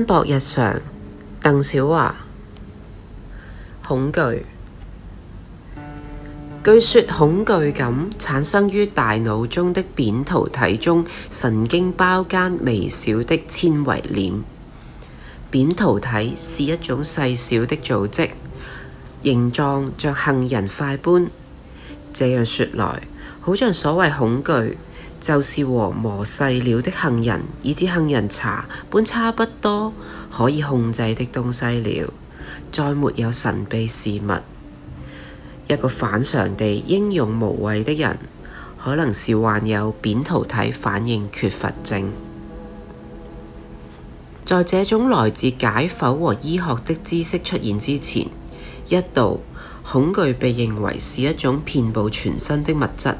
斑駁日常，鄧小樺。恐懼。據說恐懼感產生於大腦中的扁桃體中神經包間微小的纖維鏈。扁桃體是一種細小的組織，形狀像杏仁塊般。這樣說來，好像所謂恐懼，就是和磨細了的杏仁，以至杏仁茶般差不多可以控制的東西了。再沒有神秘事物。一個反常地英勇無畏的人，可能是患有扁桃體反應缺乏症。在這種來自解剖和醫學的知識出現之前，一度恐懼被認為是一種遍佈全身的物質。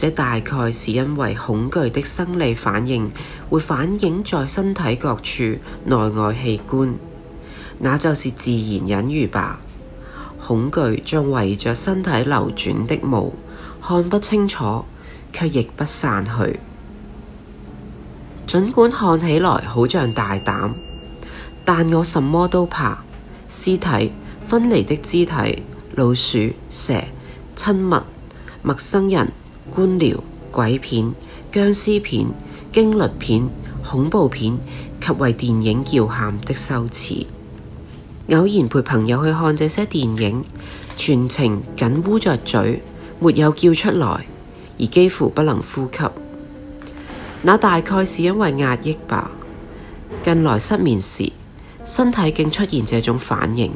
這大概是因為恐懼的生理反應會反映在身體各處內外器官，那就是自然隱喻吧。恐懼像圍着身體流轉的霧，看不清楚，卻亦不散去。儘管看起來好像大膽，但我什麼都怕：屍體、分離的肢體、老鼠、蛇、親密、陌生人。官僚鬼片、僵屍片、驚慄片、恐怖片及為電影叫喊的羞恥。偶然陪朋友去看這些電影，全程緊捂着嘴，沒有叫出來，而幾乎不能呼吸。那大概是因為壓抑吧。近來失眠時，身體竟出現這種反應，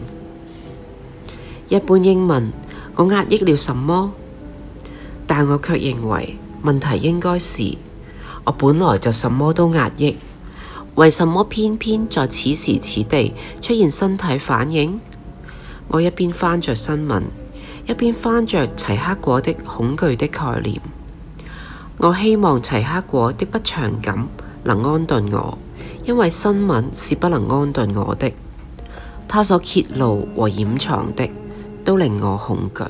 一般英文，我壓抑了什麼。但我卻認為問題應該是我本來就什麼都壓抑，為什麼偏偏在此時此地出現身體反應？我一邊翻着新聞，一邊翻着齊克果的恐懼的概念。我希望齊克果的不祥感能安頓我，因為新聞是不能安頓我的，他所揭露和掩藏的都令我恐懼。